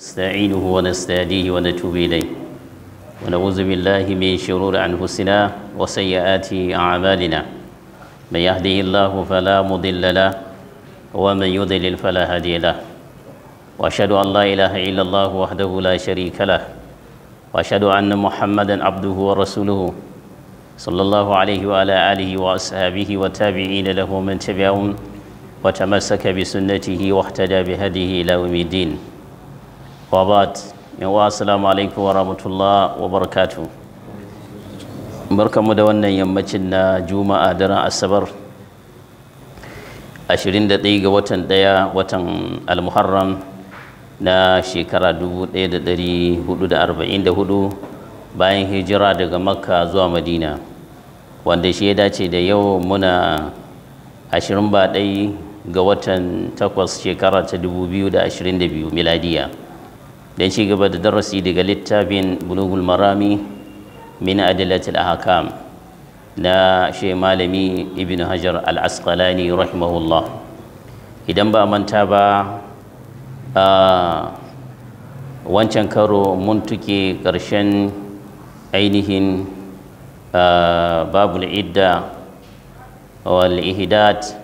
نستعينه ونستهديه ونتوب إليه ونعوذ بالله من شرور أنفسنا وسيئات أعمالنا من يهده الله فلا مضل له ومن يضلل فلا هادي له وأشهد أن لا إله إلا الله وحده لا شريك له وأشهد أن محمدا عبده ورسوله صلى الله عليه وعلى آله وأصحابه والتابعين له من تبعهم وتمسك بسنته واهتدى بهديه إلى يوم الدين wabat yawa assalamu alaikum wa rahmatullah wa barakatu barkanmu da wannan yammacin na juma'a daren asabar 21 ga watan ɗaya watan almuharram na shekara 1444 bayan hijira daga makka zuwa madina wanda shi ya dace da yau muna 21 ga watan 8 shekara ta 2022 miladiya dan ci gaba da darasi daga littafin bulughul marami min adillatil ahkam na shi malami ibn hajar al-asqalani rahimahullah idan ba manta ba wancan karo mun tuke ƙarshen ainihin babul idda wal ihdat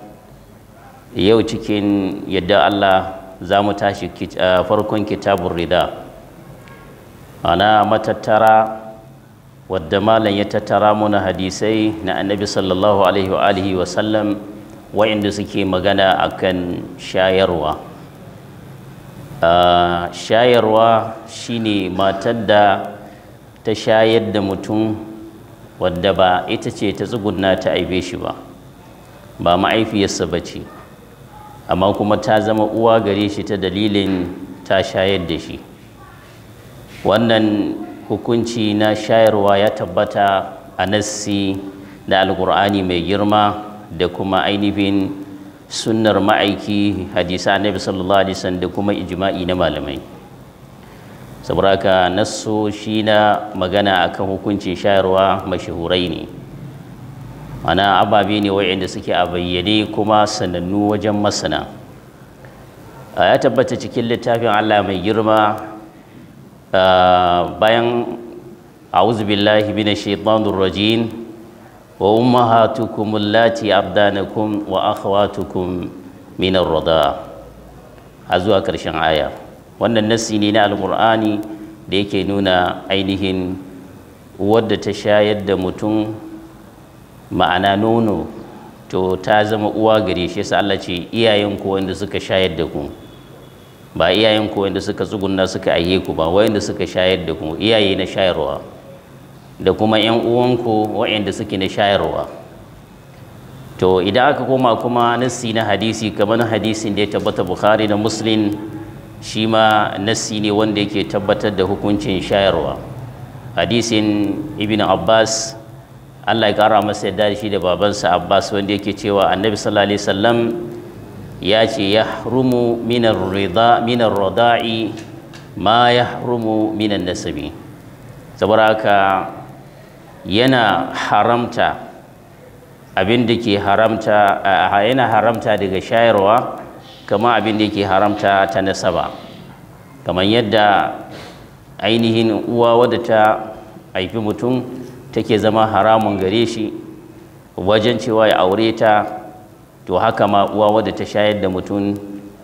yau cikin yadda Allah za mu tashi eh, farkon kitabun rida ana matattara wadda malam ya tattara muna hadisai na annabi sallallahu alaihi wa alihi wa sallam wa'inda suke magana akan shayarwa eh, shayarwa shine matar da ta shayar da mutum wadda ba ita ce ta tsugunna ta aibe shi ba ba ma'aifiyarsa ba ce amma kuma ta zama uwa gare shi ta dalilin ta shayar da shi wannan hukunci na shayarwa ya tabbata a nassi na alkur'ani mai girma da kuma ainihin sunnar ma'aiki hadisa annabi sallallahu alaihi da kuma ijma'i na malamai saboda shi na magana akan hukuncin shayarwa mashahurai ne mana ababe ne wa'inda suke a bayyane kuma sanannu wajen masana ya tabbata cikin littafin allah mai girma bayan أعوذ بالله من الشيطان الرجيم وأمهاتكم اللاتي أبدانكم وأخواتكم من A zuwa كرشن aya. wannan nasi ne na alƙur'ani da yake nuna ainihin wadda ta shayar da mutum ma'ana nono to ta zama uwa gare shi yasa Allah ce iyayenku wanda suka shayar da ku ba iyayenku wanda suka tsugunna suka aihe ku ba wanda suka shayar da ku iyaye na shayarwa da kuma yan uwanku waanda suke na shayarwa to idan aka koma kuma nassi na hadisi kamar hadisin da ya tabbata Bukhari da Muslim shi ma nassi ne wanda yake tabbatar da hukuncin shayarwa hadisin Ibn Abbas Allah ya kara masa yadda da shi da babansa Abbas wanda yake cewa Annabi sallallahu alaihi wasallam ya ce ya minar rida minar rada'i ma harumu minan nasabi saboda haka yana haramta abin da ke haramta yana haramta daga shayarwa kamar abin da ke haramta ta nasaba kamar yadda ainihin uwa wadda ta haifi mutum take zama haramun gare shi wajen cewa ya aure ta to haka ma uwa wadda ta shayar da mutum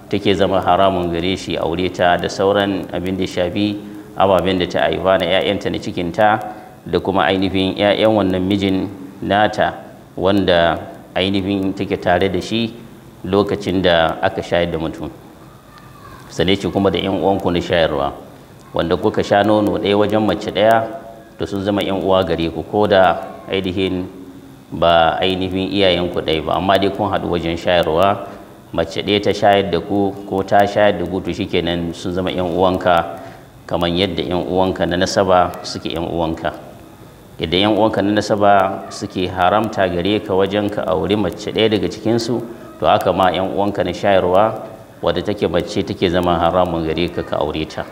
take zama haramun gare shi aure ta da sauran abin da shafi ababen da ta haifa na 'ya'yanta na cikinta da kuma ainihin 'ya'yan wannan mijin nata wanda ainihin take tare da shi lokacin da aka shayar da mutum sane ce kuma da 'yan uwanku na shayarwa wanda kuka sha nono ɗaya wajen mace ɗaya to sun zama yan uwa gare ku ko da ainihin ba ainihin iyayenku ku ɗaya ba amma dai kun haɗu wajen shayarwa mace ɗaya ta shayar da ku ko ta shayar da ku to shikenan sun zama yan uwanka kamar yadda yan uwanka na nasaba suke yan uwanka yadda yan uwanka na nasaba suke haramta gare ka wajen ka auri mace ɗaya daga cikin su to haka ma yan uwanka na shayarwa wadda take mace take zama haramun gare ka ka aure ta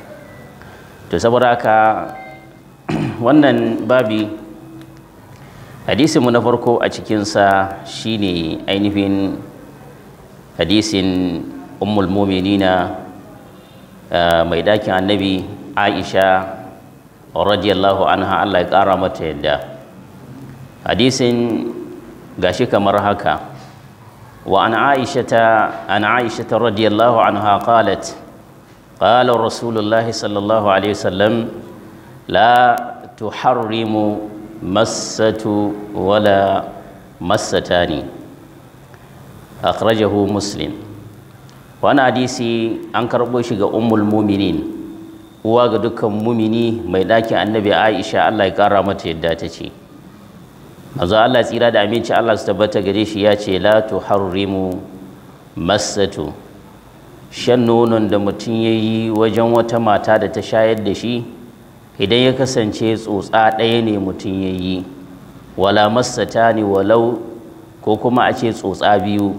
to saboda haka wannan babi hadisinmu na farko a cikinsa shine ainihin hadisin ummul muminina eh, mai dakin annabi aisha radiyallahu anha allah ya ƙara mata yadda hadisin gashi kamar haka wa an aisha ta an radiyallahu anha qalat qala rasulullahi sallallahu alaihi la tuharrimu massatu wala massatani akhrajahu muslim wani hadisi an karɓo shi ga ummul muminin uwa ga dukkan mumini mai ɗakin annabi aisha allah ya ƙara mata yadda ta ce manzo allah tsira da aminci allah su tabbata gare shi ya ce la tuharrimu shan nonon da mutum ya yi wajen wata mata da ta shayar da shi idan ya kasance tsotsa ɗaya ne mutum ya yi wala masata ne walau ko kuma a ce tsotsa biyu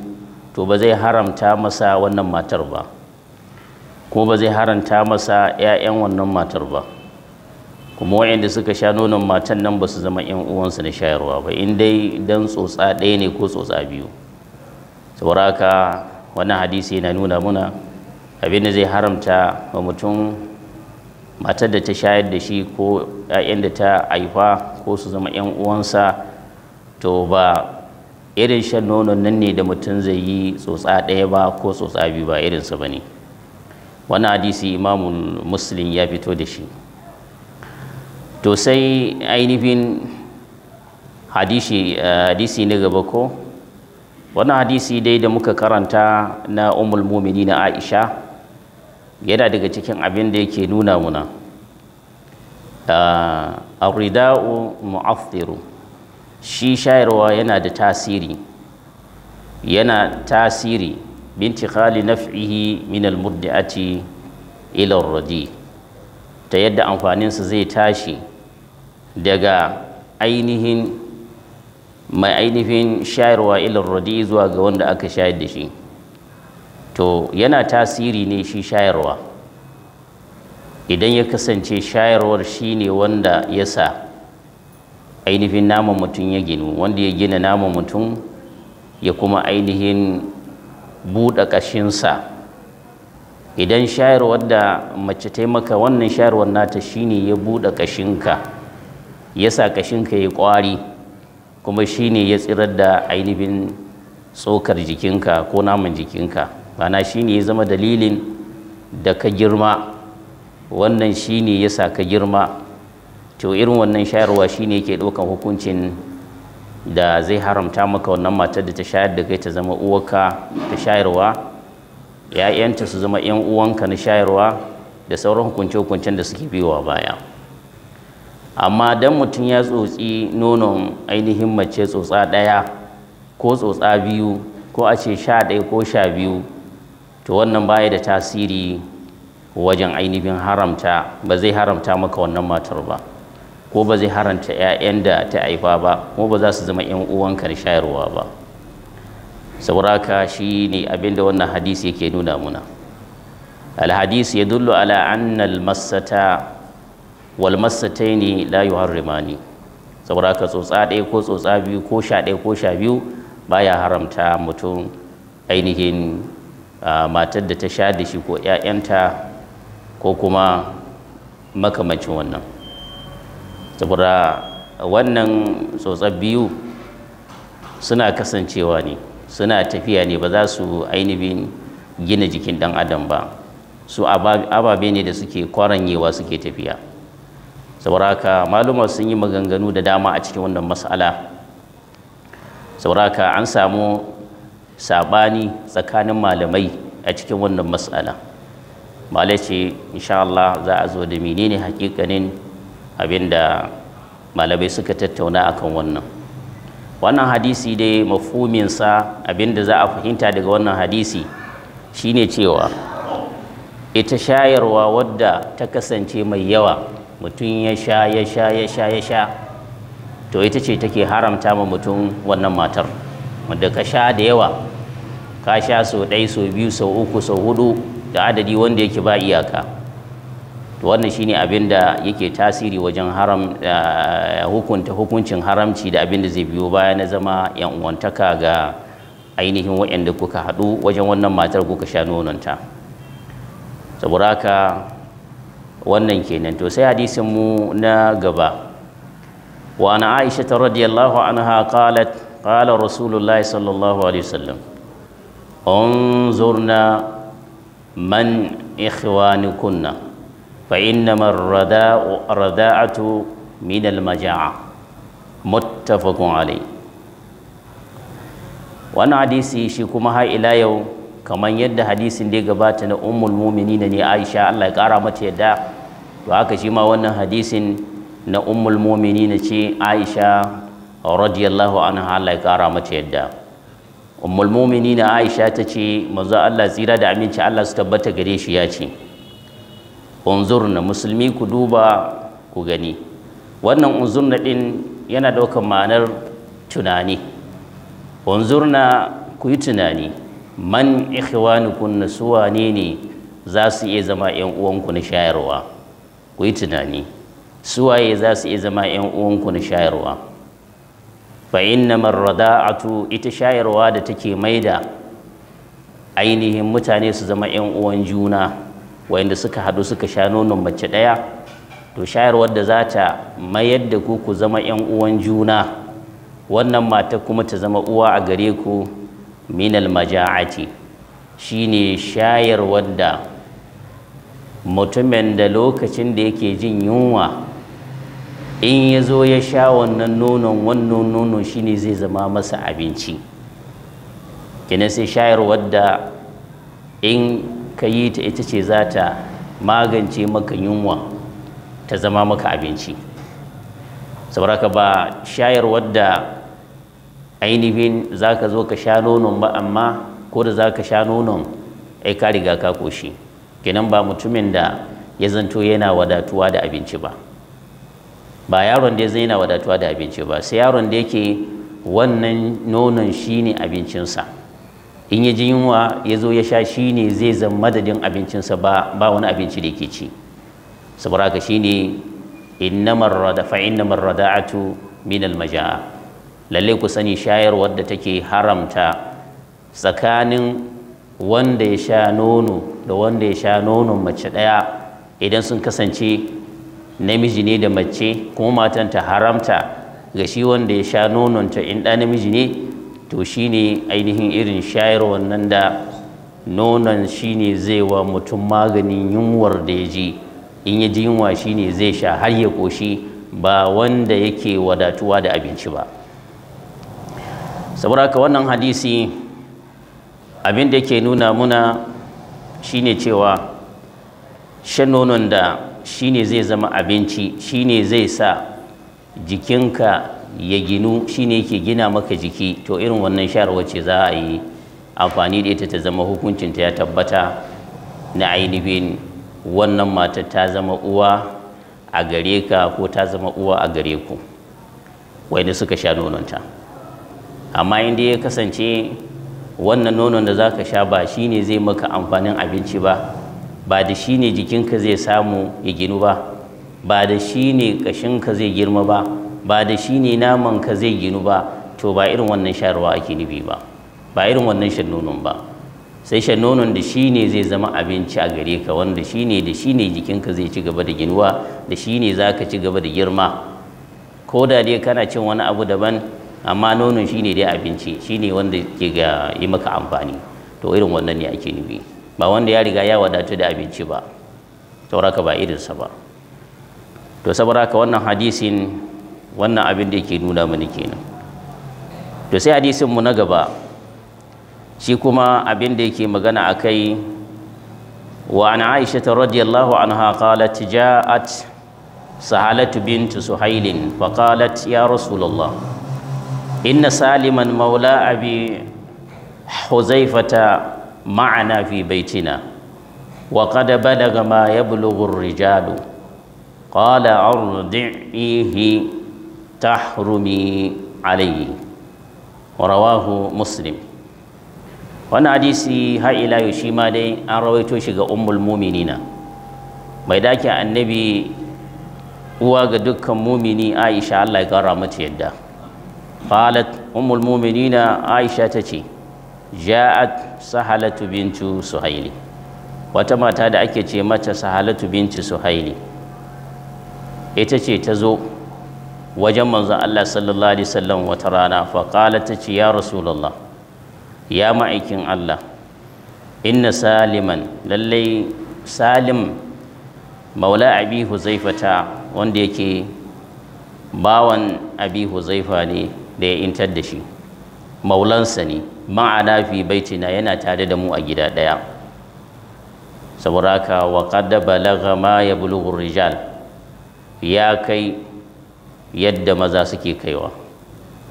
to ba zai haramta masa wannan matar ba ko ba zai haramta masa 'ya'yan wannan matar ba kuma wayanda suka sha nonon matan nan ba su zama 'yan uwansu na shayarwa ba in dai dan tsotsa ɗaya ne ko tsotsa biyu saboda haka wannan hadisi yana nuna muna abin da zai haramta wa mutum matar da ta shayar da shi ko 'ya'yan da ta haifa ko su zama 'yan uwansa to ba irin shan nono nan ne da mutum zai yi tsotsa ɗaya ba ko tsotsa biyu ba irinsa ba ne wani hadisi imamun muslim ya fito da shi to sai ainihin hadisi na gaba ko wani hadisi dai da muka karanta na umul mumini na aisha yana daga cikin abin da yake nuna muna ah, rida'u mu'affiru shi shayarwa yana da tasiri yana tasiri binti khali naf'ihi min almuddi'ati ila radi ta yadda amfaninsa zai tashi daga ainihin mai ainihin shayarwa ila radi zuwa ga wanda aka shayar da shi to yana tasiri ne shi shayarwa idan ya kasance shayarwar shi ne wanda ya sa ainihin naman mutum ya ginu wanda ya gina naman mutum ya kuma ainihin buɗe ƙashinsa idan shayarwar da mace taimaka wannan shayarwar nata shine ya buɗe ƙashinka ya sa ƙashinka ya ƙwari kuma shine ya tsirar da ainihin tsokar jikinka ko naman jikinka shi shine ya zama dalilin da ka girma wannan shine ya sa ka girma to irin wannan shayarwa shine ke ɗaukan hukuncin da zai haramta maka wannan matar da ta shayar da kai ta zama uwarka ta shayarwa ‘ya'yanta su zama ‘yan uwanka na shayarwa da sauran hukunce-hukuncen da suke biyowa baya amma don mutum ya tsotsi nonon ainihin mace tsotsa ɗaya ko tsotsa biyu ko a ce sha ɗaya ko sha biyu to wannan baya da tasiri wajen ainihin haramta ba zai haramta maka wannan matar ba ko ba zai haramta 'ya'yan da ta haifa ba ko ba za su zama 'yan uwanka da shayarwa ba sauraka shi ne abinda wannan hadisi yake nuna muna alhadisi ya dullo ala annal masata wal ne la harimani sauraka tsotsa ɗaya ko tsotsa biyu ko sha ɗaya ko sha biyu baya haramta mutum ainihin matar da ta sha da shi ko 'ya'yanta ko kuma makamacin wannan saboda wannan tsotsar biyu suna kasancewa ne suna tafiya ne ba za su ainihin gina jikin ɗan adam ba su ababe ne da suke kwaranyewa suke tafiya sauraka maluma sun yi maganganu da dama a cikin wannan matsala sauraka an samu sabani tsakanin malamai a cikin wannan matsala malai ce insha Allah za a zo da menene hakikanin abinda malamai suka tattauna akan wannan wannan hadisi dai mafuminsa da za a fahimta daga wannan hadisi shine cewa ita shayarwa wadda ta kasance mai yawa mutum ya sha ya sha ya sha ya sha to ita ce take haramta ma mutum wannan matar wanda ka sha da yawa ka sha sau ɗaya sau biyu sau uku sau hudu da adadi wanda yake ba iyaka to wannan shine abin da yake tasiri wajen haram eh, hukunta hukuncin haramci da abin da zai biyo baya na zama yan uwantaka ga ainihin waɗanda kuka haɗu wajen wannan matar kuka sha nononta saboda haka wannan kenan to sai hadisin mu na gaba wa ana aisha radiyallahu anha qalat qala rasulullahi sallallahu alaihi wasallam انظرنا من إخوانكن فإنما الرداء الرداءة من المجاعة متفق عليه wani hadisi shi kuma har ila yau kamar yadda hadisin da ya gabata na ummul muminina ne aisha allah ya kara mata yadda to haka shi ma wannan hadisin na ummul na ce aisha radiyallahu anha allah ya kara mata yadda ummul mu'minina aisha ta ce manzo Allah tsira da aminci Allah su tabbata gare shi ya ce unzurna musulmi ku duba ku gani wannan unzurna din yana ɗaukar ma'anar tunani unzurna ku yi tunani man ikhwanukum nasuwa ne ne za su iya zama yan uwanku na shayarwa ku yi tunani suwaye za su iya zama yan uwanku na shayarwa fa a rada'atu ita shayarwa da take maida ainihin mutane su zama 'yan uwan juna wayanda suka haɗu suka sha nonon mace ɗaya to shayarwar da za ta mayar da ku ku zama 'yan uwan juna wannan mata kuma ta zama uwa a gare ku minal maja'ati shine shayarwar da mutumin da lokacin da yake jin yunwa in ya zo ya sha wannan nonon wannan nono shine zai zama masa abinci kenan sai shayarwar da in ka yi ta ita ce za ta magance maka yunwa ta zama maka abinci sauraka ba shayarwar da ainihin za ka zo ka sha nonon ba amma ko da za ka sha nonon ai ka riga ka koshi kenan ba mutumin da ya zanto yana wadatuwa da abinci ba ba yaron da zai na wadatuwa da abinci ba sai yaron da yake wannan nonon shi ne abincinsa in ya ji yunwa ya zo ya sha shi ne zai zama madadin abincinsa ba wani abinci da yake ci saboda haka shine fa'in na fa innamar rada'atu minal maja'a lalle ku sani shayarwar da take haramta tsakanin wanda ya sha nono da wanda ya sha nonon mace ɗaya idan sun kasance namiji ne da mace kuma matan ta haramta ga shi wanda ya sha nononta in ɗa namiji ne to shine ainihin irin shayar wannan da nonon shine zai wa mutum maganin yunwar da ya ji in ya ji yunwa shine zai sha har ya ƙoshi ba wanda yake wadatuwa da abinci ba saboda haka wannan hadisi abin da yake nuna muna shine cewa shan nonon da shine zai zama abinci shine zai sa jikinka ya ginu shine yake gina maka jiki to irin wannan shawarwar ce za a yi amfani da ita ta zama hukuncinta ya tabbata na ainihin wannan mata ta zama uwa a gare ka ko ta zama uwa a gare ku wani suka sha nononta amma inda ya kasance wannan nonon da za ka sha ba shine zai maka amfanin abinci ba ba da shi ne jikinka zai samu ya ginu ba ba da shi ne ƙashinka zai girma ba ba da shi ne namanka zai ginu ba to ba irin wannan sharuwa ake nufi ba ba irin wannan shan ba sai shan da shi ne zai zama abinci a gare ka wanda shi ne da shi ne jikinka zai ci gaba da ginuwa da shi ne za ka ci gaba da girma ko da dai kana cin wani abu daban amma nonon shi ne dai abinci shi ne wanda ke ga yi maka amfani to irin wannan ne ake nufi ba wanda ya riga ya wadatu da abinci ba sauraka ba irinsa ba to saboda haka wannan hadisin wannan abin da yake nuna mini kenan to sai hadisin mu na gaba shi kuma abin da yake magana akai wa an aisha ta radiyallahu anha qalat ja'at sahalat bint suhail fa qalat ya rasulullah inna saliman maula abi huzaifata معنا في بيتنا وقد بلغ ما يبلغ الرجال قال أرضعيه تحرمي عليه ورواه مسلم وانا حديثي هاي لا يشيما دي أن رويتو شغا أم المؤمنين ميداك النبي uwa ga dukkan mumini aisha allah ya kara mata yadda qalat ummul muminina aisha ta ce ja'at sahalatu bintu suhaili wata mata da ake ce mata sahalatu bintu suhaili ita ce ta zo wajen manzon Allah sallallahu alaihi wasallam wata rana fa qalat ta ce ya rasulullah ya ma'aikin Allah inna saliman lallai salim maula abi huzaifata wanda yake bawan abi huzaifa ne da ya intar da shi maulansa ne ma'ana fi baitina yana tare da mu a gida ɗaya saboda haka wa qad balagha ma yablughu rijal ya kai yadda maza suke kaiwa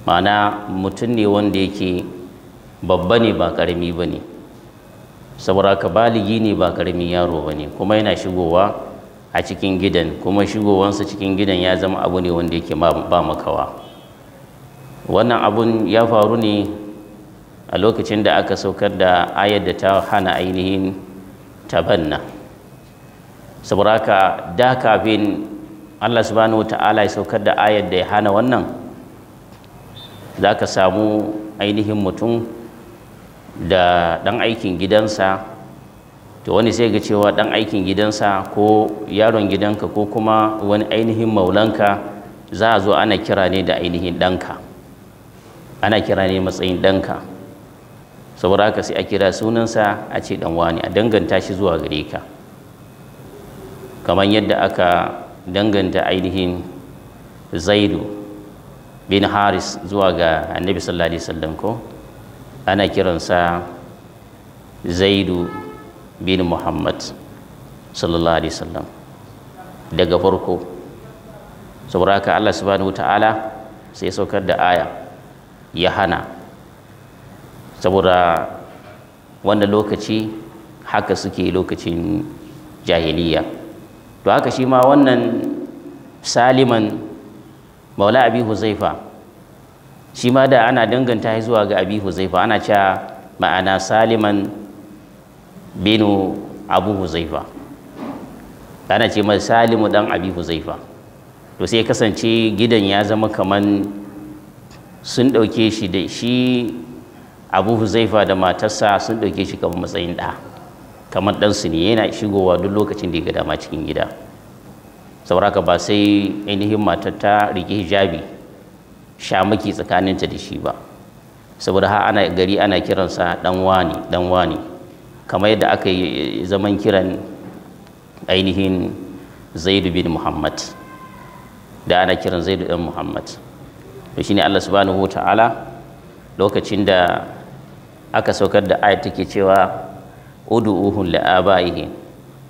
ma'ana mutum ne wanda yake babba ne ba karami ba ne saboda haka baligi ne ba karamin yaro ba ne kuma yana shigowa a cikin gidan kuma shigowansa cikin gidan ya zama abu ne wanda yake ba makawa wannan abun ya faru ne a lokacin da aka saukar da ayar da ta hana ainihin tabanna saboda haka da kafin Allah subhanahu wata'ala ya saukar da ayar da ya hana wannan za ka samu ainihin mutum da ɗan aikin gidansa to wani sai ga cewa ɗan aikin gidansa ko yaron gidanka ko kuma wani ainihin maulanka za a zo ana kira ne da ainihin ɗanka ana kira ne matsayin ɗanka saboda haka sai a kira sunansa a ce dan wani a danganta shi zuwa gare ka kamar yadda aka danganta ainihin zaidu bin haris zuwa ga annabi sallallahu alaihi wasallam ko ana kiransa zaidu bin muhammad sallallahu alaihi wasallam daga farko saboda haka allah subhanahu ta'ala sai saukar da aya ya hana saboda wanda lokaci haka suke lokacin jahiliya to haka shi ma wannan saliman maula abi huzaifa shi ma da ana danganta zuwa ga abi huzaifa ana cewa ma'ana saliman binu abu huzaifa ana ce mai salimu dan abi huzaifa to sai kasance gidan ya zama kaman sun ɗauke shi da shi abu huzaifa da matarsa sun ɗauke shi kamar matsayin ɗa kamar ɗansu ne yana shigowa duk lokacin da ya ga dama cikin gida sauraka ba sai ainihin matar ta rike hijabi sha tsakanin tsakaninta da shi ba saboda ha ana gari ana kiransa ɗan wani ɗan wani kamar yadda aka yi zaman kiran ainihin zaidu bin muhammad da ana kiran zaidu bin muhammad to shine allah subhanahu wa ta'ala lokacin da aka saukar da ayat take cewa ud'uhu li abaihi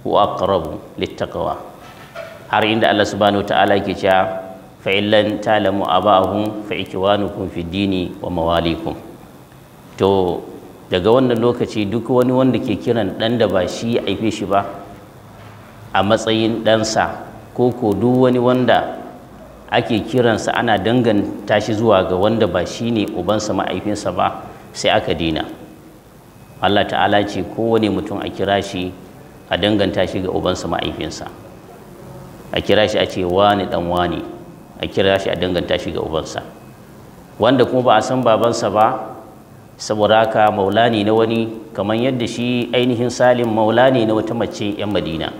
wa aqrabu littaqwa har inda Allah subhanahu ta'ala yake cewa fa illan talamu abahum fa ikwanukum fi dini wa mawalikum to daga wannan lokaci duk wani wanda ke kiran dan da ba shi aife shi ba a matsayin ɗansa ko ko duk wani wanda ake kiransa ana danganta shi zuwa ga wanda ba shine ne ubansa ma'aifinsa ba sai aka dina Allah ta'ala ce kowane mutum a kira shi a danganta shi ga ubansa ma'aifinsa a kira shi a ce wani dan wani a kira shi a danganta shi ga ubansa wanda kuma ba a san babansa ba saboda haka maulani na wani kamar yadda shi ainihin salim maulani na wata mace 'yan madina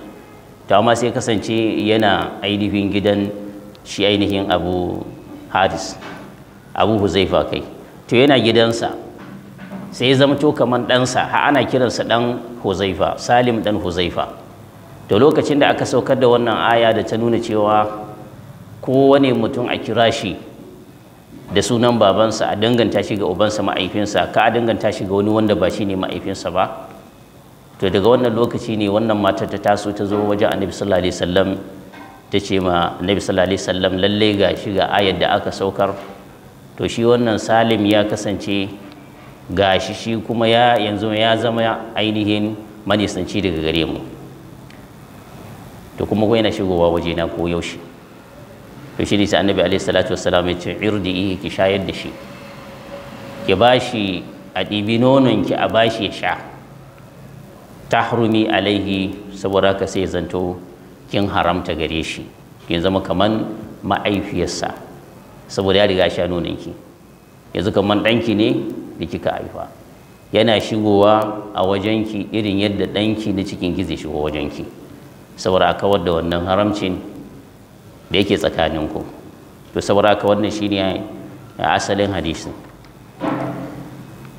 ta amma sai kasance yana ainihin gidan shi ainihin abu haris abu huzaifa kai to yana gidansa sai ya zamto kamar ɗansa ha ana kiransa ɗan huzaifa salim ɗan huzaifa to lokacin da aka saukar da wannan aya da ta nuna cewa kowane mutum a kira shi da sunan babansa a danganta shi ga ubansa ma'aifinsa ka a danganta shi ga wani wanda ba shi ne ma'aifinsa ba to daga wannan lokaci ne wannan matar ta taso ta zo wajen annabi sallallahu alaihi wasallam ta ce ma annabi sallallahu alaihi wasallam lalle ga shi ga ayar da aka saukar to shi wannan salim ya kasance ga shi kuma ya yanzu ya zama ainihin manisanci daga gare mu to kuma ko yana shigowa waje na ko yaushe to shi da sai annabi alaihi salatu wassalam ya ce irdihi ki shayar da shi ki bashi a ɗibi nonon ki a bashi ya sha tahrumi alaihi saboda ka sai zanto kin haramta gare shi kin zama kaman ma'aifiyarsa saboda ya riga sha nonon ki yanzu kaman danki ne da kika haifa yana shigowa a wajenki irin yadda ɗanki na cikin ki zai shigo wajenki saboda kawar da wannan haramcin da yake tsakaninku to saboda ka wannan shi a asalin hadisin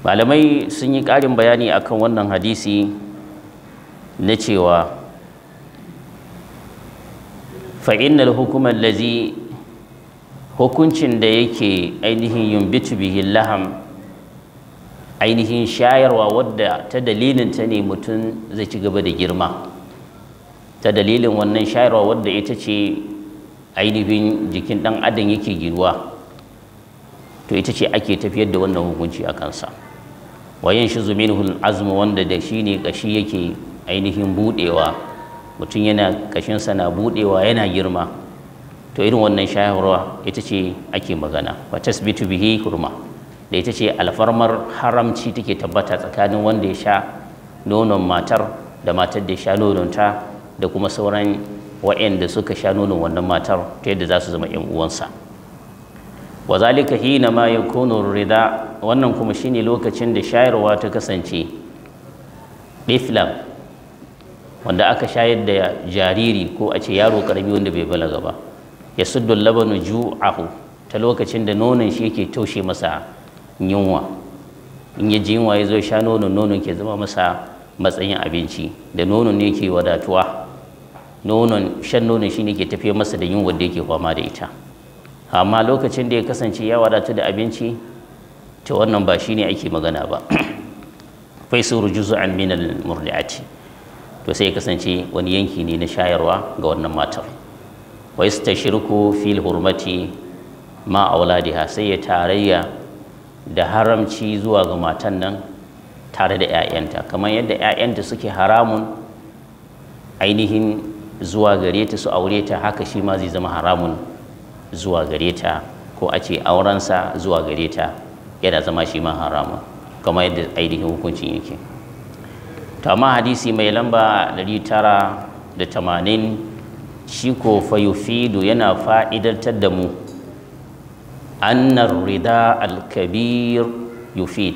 malamai sun yi ƙarin bayani akan wannan hadisi na cewa fa'innal hukumar lazi hukuncin da yake ainihin yumbitu bihi laham ainihin shayarwa wadda ta dalilin ta ne mutum zai ci gaba da girma ta dalilin wannan shayarwa wadda ita ce ainihin jikin ɗan adam yake girwa to ita ce ake tafiyar da wannan hukunci a kansa wayan shi zuminul azmu wanda da shi ne ƙashi yake ainihin buɗewa mutum yana kashinsa na buɗewa yana girma to irin wannan shayarwa ita ce ake magana wa tasbitu bihi kurma da ita ce alfarmar haramci take tabbata tsakanin wanda ya sha nonon matar da matar da ya sha nononta da kuma sauran waɗanda suka sha nonon wannan matar ta yadda za su zama 'yan uwansa wa zalika hina ma yakunu rida wannan kuma shine lokacin da shayarwa ta kasance diflam wanda aka shayar da jariri ko a ce yaro karami wanda bai balaga ba ya suddu labanu ju'ahu ta lokacin da nonon shi yake taushe masa yunwa in ya ji yunwa ya zo sha nono nonon ke zama masa matsayin abinci da nonon ne ke wadatuwa nonon shan nonon shine ke tafiya masa da yunwa da yake fama da ita amma lokacin da ya kasance ya wadatu da abinci to wannan ba shine ake magana ba faisuru juz'an min al-murdi'ati to sai ya kasance wani yanki ne na shayarwa ga wannan matar wa ko fil hurmati ma auladiha sai ya tarayya da haramci zuwa ga matan nan tare da 'ya'yanta kamar yadda 'ya'yanta suke haramun ainihin zuwa gare ta su aure ta haka shi ma zai zama haramun zuwa gare ta ko a ce aurensa zuwa gare ta yana zama shi ma haramun kamar yadda ainihin hukuncin yake to amma hadisi mai lamba 980 shi ko fayufidu yana fa'idantar da mu annar rida alkabir yufid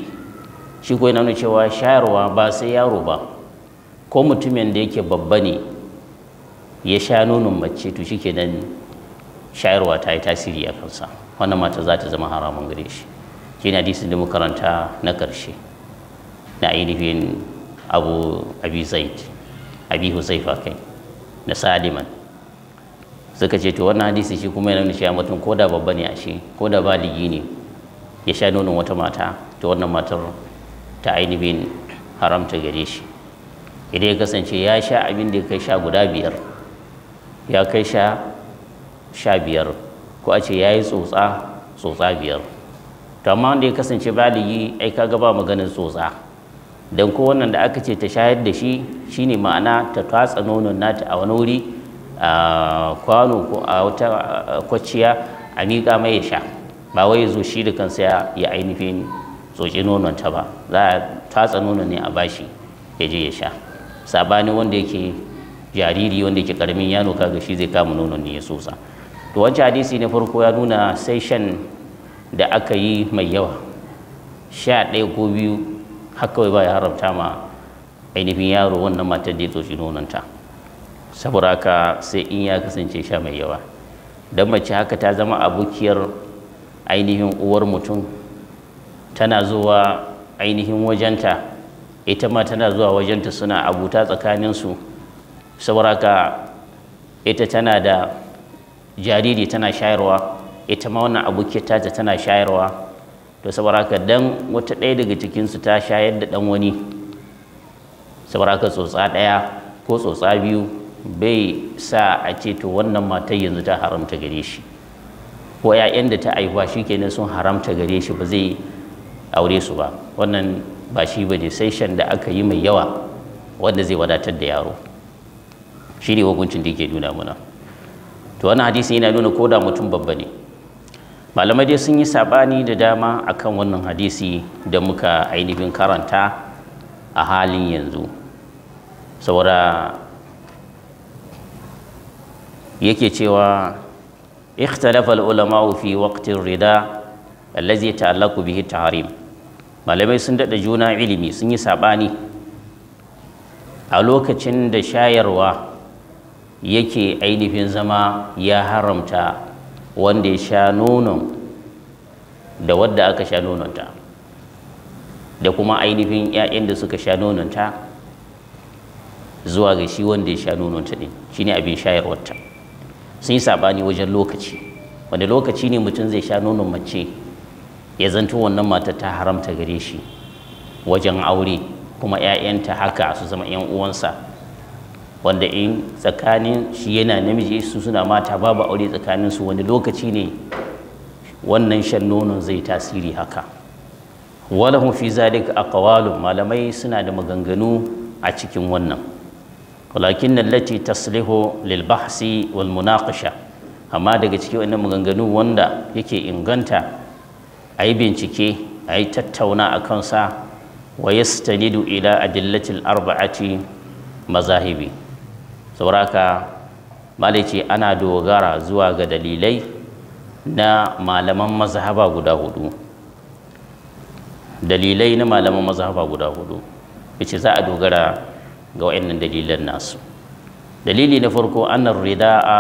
shi ko nuna cewa shayarwa ba sai yaro ba ko mutumin da yake babba ne ya sha nonon mace to shi kenan shayarwa ta yi tasiri a kansa wannan mata za ta zama haramun gare shi shi da makaranta na ƙarshe na ainihin abu abi zaid abi huzaifa kai na saliman suka ce to wannan hadisi shi kuma yana nuna cewa mutum ko da babba ne a shi ko da baligi ne ya sha nonon wata mata to wannan matar ta ainihin haramta gare shi idan ya kasance ya sha abin da ya kai sha guda biyar ya kai sha sha biyar ko a ce ya yi tsotsa tsotsa biyar to amma wanda ya kasance baligi ai ka gaba maganin tsotsa don ko wannan da aka ce ta shayar da shi shine ma'ana ta tatsa nonon nata a wani wuri kwano ko a wata kwaciya a miƙa mai ya sha ba wai ya zo shi da kansa ya ainihin tsoci nonon ta ba za a tatsa nonon ne a bashi ya je ya sha sabani wanda yake jariri wanda yake karamin yano kaga shi zai kama nonon ne ya sosa to wancan hadisi na farko ya nuna sai shan da aka yi mai yawa sha ɗaya ko biyu haka kawai ba ya haramta ma ainihin yaro wannan matar da ya tsoci ta. saboda haka sai in ya kasance sha mai yawa don mace haka ta zama abokiyar ainihin uwar mutum tana zuwa ainihin wajenta ita ma tana zuwa wajenta suna abuta tsakaninsu saboda haka ita tana da jariri tana shayarwa ita ma wannan abokiyar tata tana shayarwa to saboda haka dan wata ɗaya daga cikinsu ta shayar da ɗan wani saboda haka tsotsa ɗaya ko tsotsa biyu bai sa a ce to wannan matar yanzu ta haramta gare shi ko 'ya'yan da ta haifa shi kenan sun haramta gare shi ba zai aure su ba wannan ba shi ba ne sai shan da aka yi mai yawa wanda zai wadatar da yaro shi ne hukuncin da yake nuna muna to wannan hadisi yana nuna ko da mutum babba ne malamai dai sun yi sabani da dama akan wannan hadisi da muka ainihin karanta a halin yanzu saboda yake cewa ikhtalafa al-ulama fi waqtin rida allazi ta'allaqu bihi tahrim malamai sun daɗa juna ilimi sun yi sabani a lokacin da shayarwa yake ainihin zama ya haramta wanda ya sha nonon da wadda aka sha nononta da kuma ainihin 'ya'yan da suka sha nononta zuwa ga shi wanda ya sha nononta ne shine abin shayarwarta sun yi sabani wajen lokaci wani lokaci ne mutum zai sha nonon mace ya zanto wannan mata ta haramta gare shi wajen aure kuma 'ya'yanta haka su zama 'yan uwansa wanda in tsakanin shi yana namiji su suna mata babu aure tsakaninsu wani lokaci ne wannan shan nonon zai tasiri haka walahun fi zalika aqwalun malamai suna da maganganu a cikin wannan walakin التي taslihu lil bahsi wal amma daga cikin wannan maganganu wanda yake inganta a bincike a tattauna a kansa wa yastanidu ila adillatil arba'ati mazahibi sauraka malice ana dogara zuwa ga dalilai na malaman mazhaba guda hudu dalilai na malaman mazhaba guda hudu za a dogara ga wa'annan dalilan nasu dalili na farko annar rida'a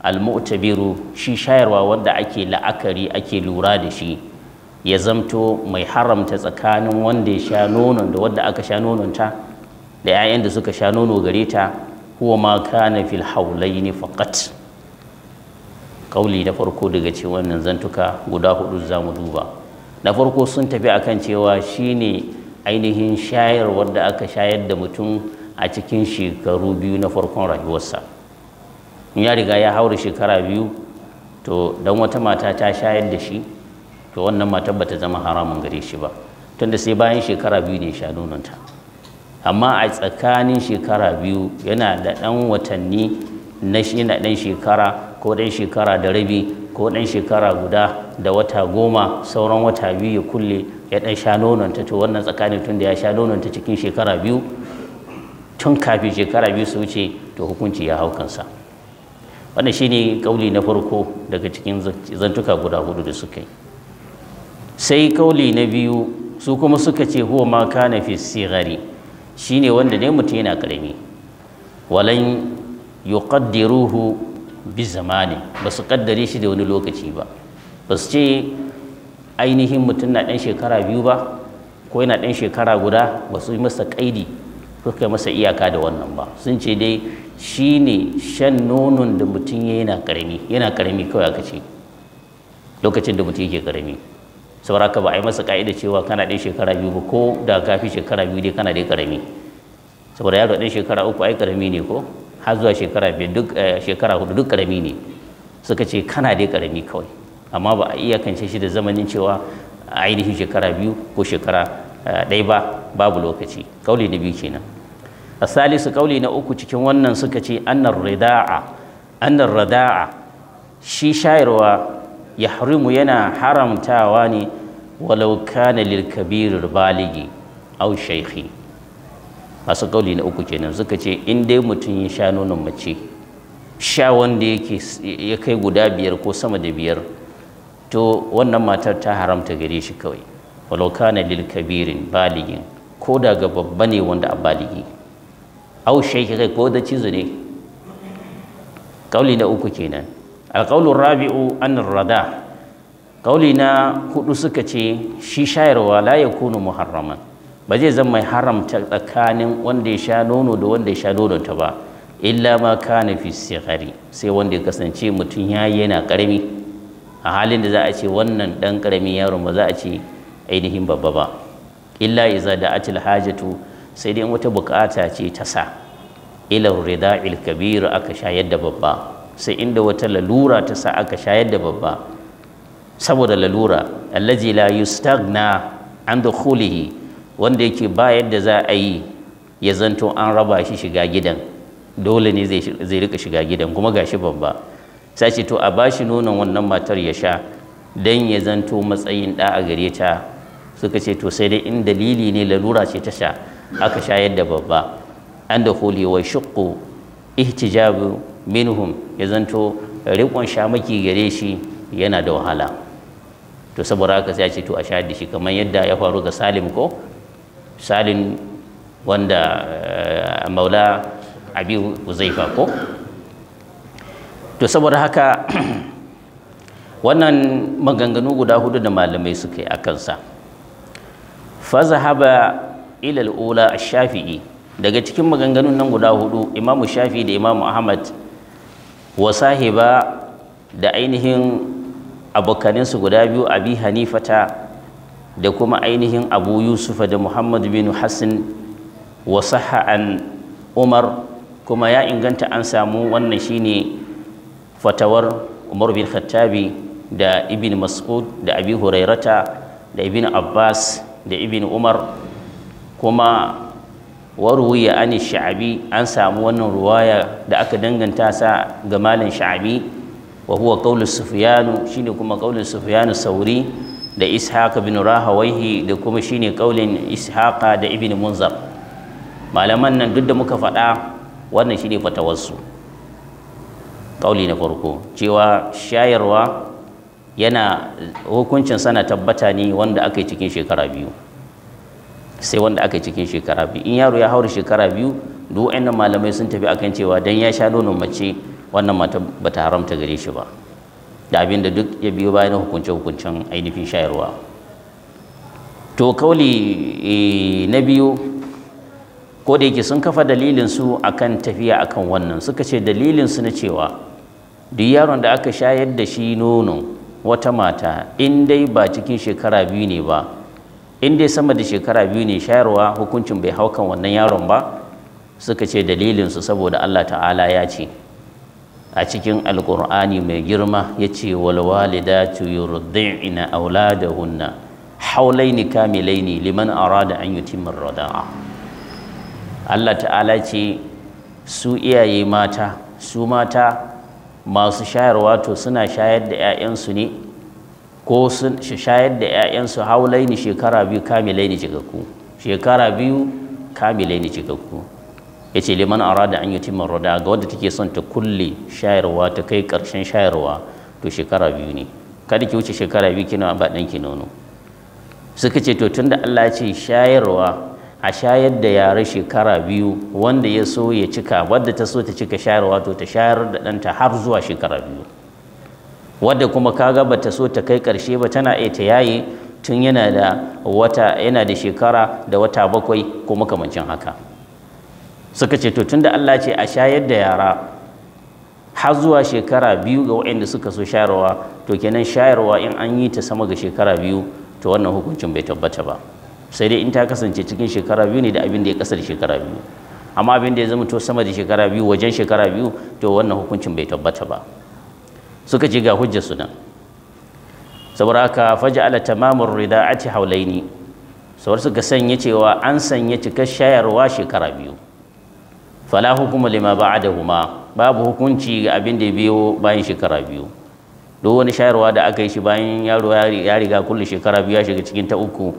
almu'tabiru shi shayarwa wanda ake la'akari ake lura da shi ya zamto mai haramta tsakanin wanda ya sha nonon da wadda aka sha nononta da 'ya'yan da suka sha nono gare ta huwa ma kana fil ne faqat kauli na farko daga cewa wannan zantuka guda hudu zamu duba na farko sun tafi akan cewa shine ainihin shayarwar da aka shayar da mutum a cikin shekaru biyu na farkon rayuwarsa in ya riga ya haura shekara biyu to don wata mata ta shayar da shi to wannan matar bata zama haramun gare shi ba tunda sai bayan shekara biyu ne sha nononta amma a tsakanin shekara biyu yana da ɗan watanni na shi na ɗan shekara ko ɗan shekara da rabi ko ɗan shekara guda da wata goma sauran wata biyu ya kulle ya ɗan sha nononta to wannan tsakanin tun da ya sha nononta cikin shekara biyu tun kafin shekara biyu su wuce to hukunci ya hau kansa wannan shine kauli na farko daga cikin zantuka guda hudu da suka yi sai kauli na biyu su kuma suka ce huwa ma kana fi sigari shine wanda ne mutum yana karami walan yuqaddiruhu bizamani ba su kaddare shi da wani lokaci ba ba su ce ainihin mutum na ɗan shekara biyu ba ko yana ɗan shekara guda ba su yi masa ƙaidi ko kai masa iyaka da wannan ba sun ce dai shi ne shan nonon da mutum yana ƙarami yana ƙarami kawai aka ce lokacin da mutum yake ƙarami saboda haka ba a yi masa ƙa'ida cewa kana ɗan shekara biyu ba ko da kafi shekara biyu dai kana dai ƙarami saboda yaro ɗan shekara uku ai ƙarami ne ko har zuwa shekara biyu duk eh, shekara hudu duk karami ne suka ce kana dai karami kawai amma ba a iya iyakance shi da zamanin cewa ainihin shekara biyu ko shekara eh, ɗaya ba babu lokaci kauli na biyu kenan a salisu kauli na uku cikin wannan suka ce annar rida'a annar rida'a shi shayarwa ya harimu yana haramtawa ne walau kana lil baligi au shaykhi masu kauli na uku kenan suka ce in dai mutum ya sha nonon mace sha wanda yake ya kai guda biyar ko sama da biyar to wannan matar ta haramta gare shi kawai walau na lil kabirin baligin ko da ga babba ne wanda a baligi au shaiki kai ko da cizo ne kauli na uku kenan alkaulun rabi'u an rada kauli na hudu suka ce shi shayarwa la ya yakunu muharraman ba zai zama mai haramta tsakanin wanda ya sha nono da wanda ya sha nononta ba illa ma kana fi sigari sai wanda ya kasance mutum ya yana karami a halin da za a ce wannan dan karami yaron ba za a ce ainihin babba ba illa iza da atil hajatu sai dai wata bukata ce ta sa ila rida'il kabir aka shayar da babba sai inda wata lalura ta sa aka shayar da babba saboda lalura allazi la yustaghna an dukhulihi wanda yake ba yadda za a yi ya zanto an raba shi shiga gidan dole ne zai rika shiga gidan kuma ga shi babba ta ce to a bashi nonon wannan matar ya sha don ya zanto matsayin ɗa a gare ta suka ce to sai dai in dalili ne lalura ce ta sha aka sha yadda babba an da koli wa shiqqu ihtijabu minhum ya zanto sha maki gare shi yana da wahala to saboda aka sai ce to a sha da shi kamar yadda ya faru ga Salim ko misalin wanda eh, maula abi huzaifa ko to saboda haka wannan maganganu guda hudu da malamai suka yi a kansa fazahaba ilal ula shafi'i daga cikin maganganun nan guda hudu imamu Shafi'i da imamu ahmad wa sahiba da ainihin abokaninsu guda biyu abi hanifata da kuma ainihin abu yusufa da muhammad bin hassan wa an umar kuma ya inganta an samu wannan shine fatawar umar bin khattabi da ibn mas'ud da abi hurairata da ibn abbas da ibn umar kuma waruwiya an sha'abi an samu wannan ruwaya da aka danganta sa ga malam sha'abi wa huwa qawlu sufyanu shine kuma qawlu sufyanu sauri da ishaq bin rahawaihi da kuma shine kaulin ishaq da ibn munzar malaman nan duk da muka faɗa wannan shine fatawarsu kauli na farko cewa shayarwa yana hukuncin sana tabbata ne wanda aka cikin shekara biyu sai wanda aka cikin shekara biyu in yaro ya haura shekara biyu duk malamai sun tafi akan cewa dan ya sha nonon mace wannan mata bata haramta gare shi ba da abin da duk ya biyo bayan hukunce-hukuncen ainihin shayarwa to kauli eh, na biyu ko da yake sun kafa dalilinsu a kan tafiya a kan wannan suka ce dalilinsu na cewa duk yaron da aka shayar da shi nono wata mata in dai ba cikin shekara biyu ne ba in dai sama da shekara biyu ne shayarwa hukuncin bai haukan wannan yaron ba suka ce dalilinsu saboda allah ta'ala ya ce a cikin alkur'ani mai girma ya ce walwalidatu yurdi'na auladahunna haulaini kamilaini liman arada an rada rada'a Allah ta'ala ce su iyaye mata su mata masu shayarwa to suna shayar da 'ya'yansu ne ko sun shayar da 'ya'yansu haulaini shekara biyu kamilaini jigakku shekara biyu kamilai ne cikakku ya ce liman da an yi timar roda ga wadda take son ta kulle shayarwa ta kai ƙarshen shayarwa to shekara biyu ne kada ki wuce shekara biyu kina ba ɗanki nono suka ce to tun da Allah ce shayarwa a shayar da yare shekara biyu wanda ya so ya cika wadda ta so ta cika shayarwa to ta shayar da ɗanta har zuwa shekara biyu wadda kuma kaga ba ta so ta kai karshe ba tana iya ta yaye tun yana da wata yana da shekara da wata bakwai ko makamancin haka suka ce to tunda Allah ce a shayar da yara har zuwa shekara biyu ga waɗanda suka so shayarwa to kenan shayarwa in an yi ta sama ga shekara biyu to wannan hukuncin bai tabbata ba sai dai in ta kasance cikin shekara biyu ne da abin da ya kasa da shekara biyu amma abin da ya zama to sama da shekara biyu wajen shekara biyu to wannan hukuncin bai tabbata ba suka ce ga hujjar su nan saboda haka faja'ala tamamur rida'ati haulaini saboda suka sanya cewa an sanya cikar shayarwa shekara biyu fala hukuma lima ba'dahuma babu hukunci ga abin da biyo bayan shekara biyu duk wani shayarwa da aka yi shi bayan yaro ya riga kulle shekara biyu ya shiga cikin ta uku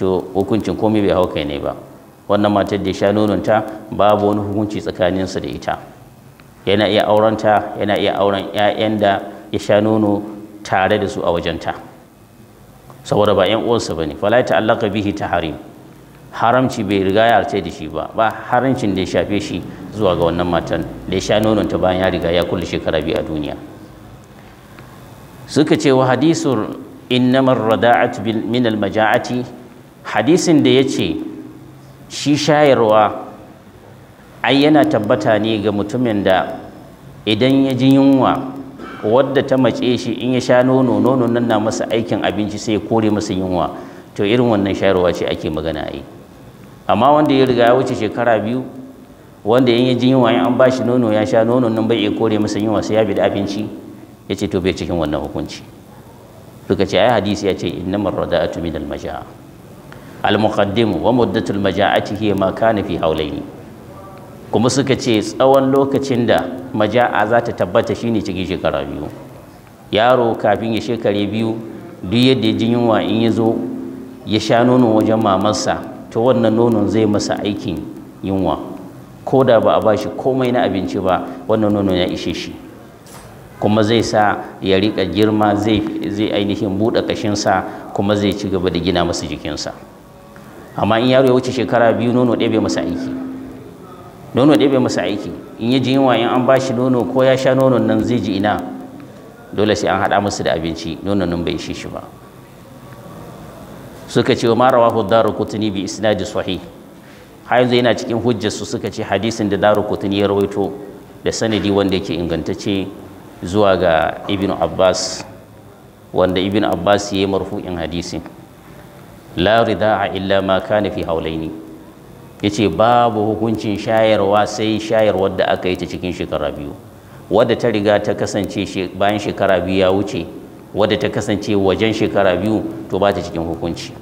to hukuncin komai bai hau kai ne ba wannan matar da sha nononta babu wani hukunci tsakaninsa da ita yana iya aurenta yana iya auren 'ya'yan da ya sha nono tare da su a wajenta saboda ba 'yan uwansa ba ne fala ta'allaka bihi ta harim haramci bai riga ya harce da shi ba ba haramcin da ya shafe shi zuwa ga wannan matan da ya sha ta bayan ya riga ya kulle shekara biyu a duniya suka ce wa hadisun innamar rada'at min almaja'ati hadisin da ya ce shi shayarwa ai yana tabbata ne ga mutumin da idan ya ji yunwa wadda ta mace shi in ya sha nono nono nan na masa aikin abinci sai ya kore masa yunwa to irin wannan shayarwa ce ake magana a yi amma wanda ya riga ya wuce shekara biyu wanda in yi yunwa in an bashi nono ya sha nono nan bai iya kore masa yunwa sai ya bi da abinci ya ce to bai cikin wannan hukunci suka ce ai hadisi ya ce inna rada'atu min al-majaa al-muqaddim wa muddatu al-maja'ati hiya ma kana fi hawlaini kuma suka ce tsawon lokacin da maja'a za ta tabbata ne cikin shekara biyu yaro kafin ya shekare biyu duk yadda ya ji yunwa in ya zo ya sha nono wajen mamarsa to wannan nonon zai masa aikin yunwa ko da ba a ba shi komai na abinci ba wannan nonon ya ishe shi kuma zai sa ya riƙa girma zai ainihin buɗe ƙashinsa kuma zai ci gaba da gina masa jikinsa amma in yaro ya wuce shekara biyu nono ɗaya bai masa aiki nono ɗaya bai masa aiki in ya ji yunwa in an ba shi nono ko ya sha nonon nan zai ji ina dole sai an haɗa masa da abinci nonon nan bai ishe shi ba suka ce wa marawahu kutuni bi isnadi sahih har yanzu yana cikin hujjarsu suka ce hadisin da darukutni ya rawaito da sanadi wanda yake ingantacce zuwa ga ibn abbas wanda ibn abbas ya yi marfu'in hadisin la rida'a illa ma kana fi haulaini yace babu hukuncin shayarwa sai shayarwar da aka yi ta cikin shekara biyu wadda ta riga ta kasance bayan shekara biyu ya wuce wadda ta kasance wajen shekara biyu to ba ta cikin hukunci